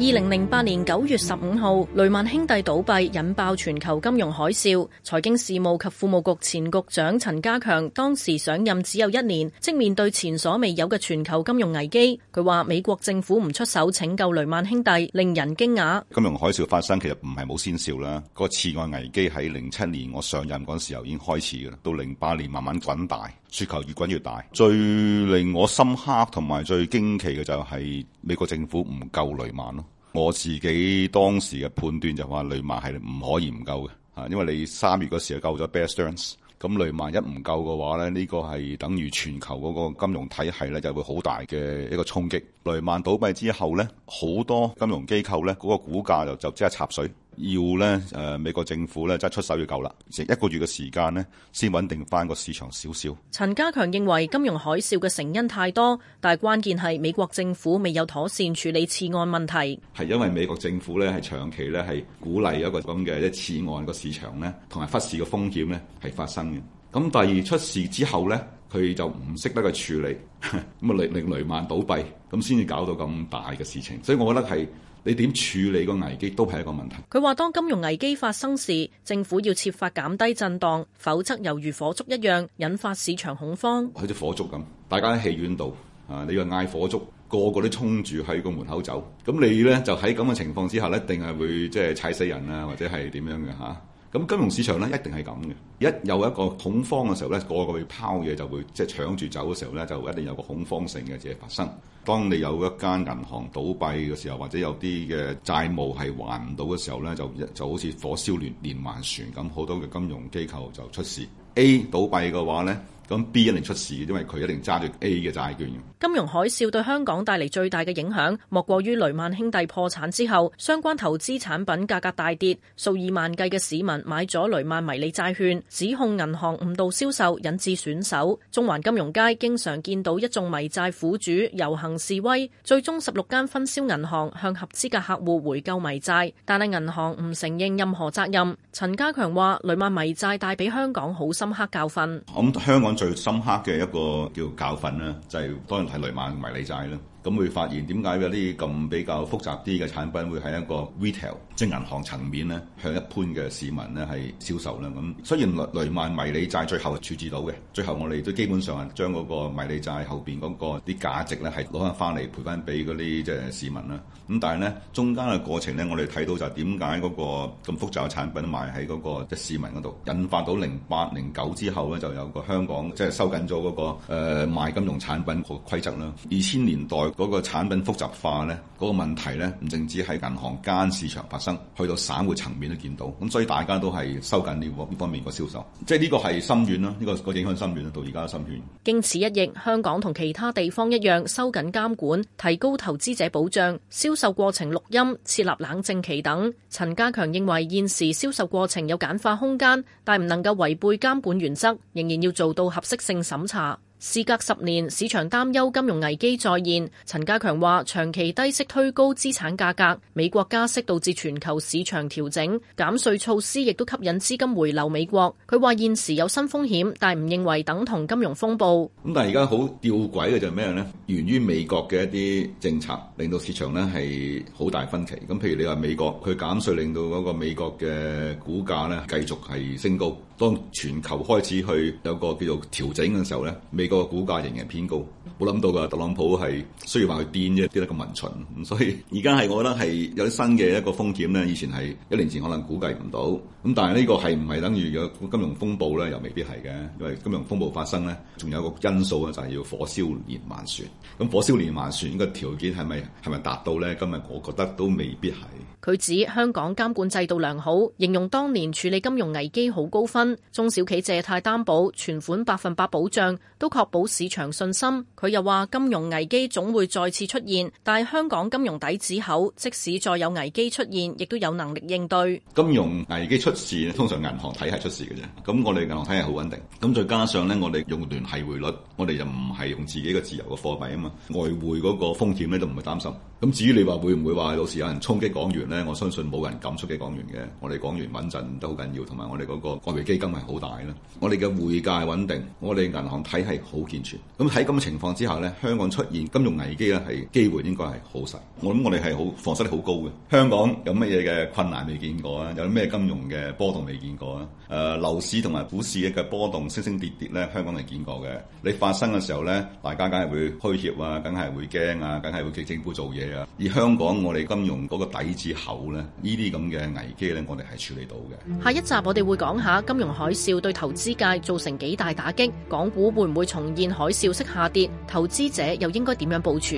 二零零八年九月十五號，雷曼兄弟倒閉，引爆全球金融海嘯。財經事務及庫務局前局長陳家強當時上任只有一年，即面對前所未有嘅全球金融危機。佢話：美國政府唔出手拯救雷曼兄弟，令人驚訝。金融海嘯發生其實唔係冇先兆啦，個次按危機喺零七年我上任嗰陣時候已經開始啦，到零八年慢慢滾大，雪球越滾越大。最令我深刻同埋最驚奇嘅就係美國政府唔救雷曼咯。我自己當時嘅判斷就話雷曼係唔可以唔救嘅嚇，因為你三月嗰時就救咗 Bear Stearns，咁雷曼一唔救嘅話咧，呢、這個係等於全球嗰個金融體系咧就會好大嘅一個衝擊。雷曼倒閉之後咧，好多金融機構咧嗰、那個股價就就即係插水。要咧，誒美國政府咧，即係出手要夠啦，一個月嘅時間咧，先穩定返個市場少少。陳家強認為金融海嘯嘅成因太多，但係關鍵係美國政府未有妥善處理次按問題。係因為美國政府咧係長期咧係鼓勵一個咁嘅一次按個市場咧，同埋忽視個風險咧係發生嘅。咁第二出事之後咧，佢就唔識得去處理，咁啊令令雷曼倒閉，咁先至搞到咁大嘅事情。所以我覺得係。你點處理個危機都係一個問題。佢話：當金融危機發生時，政府要設法減低震盪，否則猶如火燭一樣，引發市場恐慌。好似火燭咁，大家喺戲院度啊，你又嗌火燭，個個都衝住喺個門口走，咁你咧就喺咁嘅情況之下咧，一定係會即係踩死人啊，或者係點樣嘅嚇。咁金融市場咧一定係咁嘅，一有一個恐慌嘅時候咧，個個去拋嘢就會即係、就是、搶住走嘅時候咧，就一定有一個恐慌性嘅嘢發生。當你有一間銀行倒閉嘅時候，或者有啲嘅債務係還唔到嘅時候咧，就就好似火燒連連環船咁，好多嘅金融機構就出事。A 倒閉嘅話咧。咁 B 一定出事，因為佢一定揸住 A 嘅債券。金融海嘯對香港帶嚟最大嘅影響莫過於雷曼兄弟破產之後相關投資產品價格大跌，數以萬計嘅市民買咗雷曼迷你債券，指控銀行誤導銷售，引致損手。中環金融街經常見到一眾迷債苦主遊行示威，最終十六間分銷銀行向合資嘅客戶回購迷債，但係銀行唔承認任何責任。陳家強話雷曼迷債帶俾香港好深刻教訓。咁、嗯、香港。最深刻嘅一個叫教訓啦，就係當然係雷曼迷你債啦。咁會發現點解有啲咁比較複雜啲嘅產品會喺一個 retail，即係銀行層面咧向一般嘅市民咧係銷售啦。咁雖然雷曼迷你債最後係處置到嘅，最後我哋都基本上係將嗰個迷你債後邊嗰個啲價值咧係攞翻返嚟賠翻俾嗰啲即係市民啦。咁但係咧中間嘅過程咧，我哋睇到就係點解嗰個咁複雜嘅產品賣喺嗰個即市民嗰度，引發到零八零九之後咧就有個香港。即係收緊咗嗰個誒、呃、賣金融產品個規則啦。二千年代嗰個產品複雜化咧，嗰個問題咧唔淨止喺銀行間市場發生，去到省會層面都見到。咁所以大家都係收緊呢個呢方面個銷售，即係呢個係深遠啦，呢、這個個影響深遠啦，到而家嘅深遠，經此一役，香港同其他地方一樣收緊監管，提高投資者保障，銷售過程錄音，設立冷靜期等。陳家強認為現時銷售過程有簡化空間，但係唔能夠違背監管原則仍然要做到，合適性審查。事隔十年，市場擔憂金融危機再現。陳家強話：長期低息推高資產價格，美國加息導致全球市場調整，減稅措施亦都吸引資金回流美國。佢話現時有新風險，但唔認為等同金融風暴。咁但係而家好吊詭嘅就係咩呢？源於美國嘅一啲政策，令到市場呢係好大分歧。咁譬如你話美國佢減稅，令到嗰個美國嘅股價呢繼續係升高。當全球開始去有個叫做調整嘅時候呢。美呢個股價仍然偏高，冇諗到噶特朗普係需要話佢癲啫，癲得咁民粹，所以而家係我覺得係有啲新嘅一個風險咧。以前係一年前可能估計唔到，咁但係呢個係唔係等於有金融風暴咧？又未必係嘅，因為金融風暴發生咧，仲有一個因素啊，就係、是、要火燒連環船。咁火燒連環船呢個條件係咪係咪達到咧？今日我覺得都未必係。佢指香港監管制度良好，形容當年處理金融危機好高分，中小企借貸擔保存款百分百保障，都確保市場信心。佢又話金融危機總會再次出現，但係香港金融底子厚，即使再有危機出現，亦都有能力應對。金融危機出事，通常銀行體系出事嘅啫。咁我哋銀行體系好穩定。咁再加上呢，我哋用聯繫匯率，我哋就唔係用自己嘅自由嘅貨幣啊嘛，外匯嗰個風險咧都唔會擔心。咁至於你話會唔會話有時有人衝擊港元？我相信冇人敢出擊港元嘅，我哋港元穩陣都好緊要，同埋我哋嗰個國別基金係好大啦。我哋嘅匯價穩定，我哋銀行體系好健全。咁喺咁嘅情況之下咧，香港出現金融危機咧，係機會應該係好細。我諗我哋係好防失力好高嘅。香港有乜嘢嘅困難未見過啊？有啲咩金融嘅波動未見過啊？誒樓市同埋股市嘅波動升升跌跌咧，香港係見過嘅。你發生嘅時候咧，大家梗係會虛怯啊，梗係會驚啊，梗係會叫政府做嘢啊。而香港我哋金融嗰個底子。後咧，呢啲咁嘅危機咧，我哋係處理到嘅。下一集我哋會講下金融海嘯對投資界造成幾大打擊，港股會唔會重現海嘯式下跌？投資者又應該點樣部署？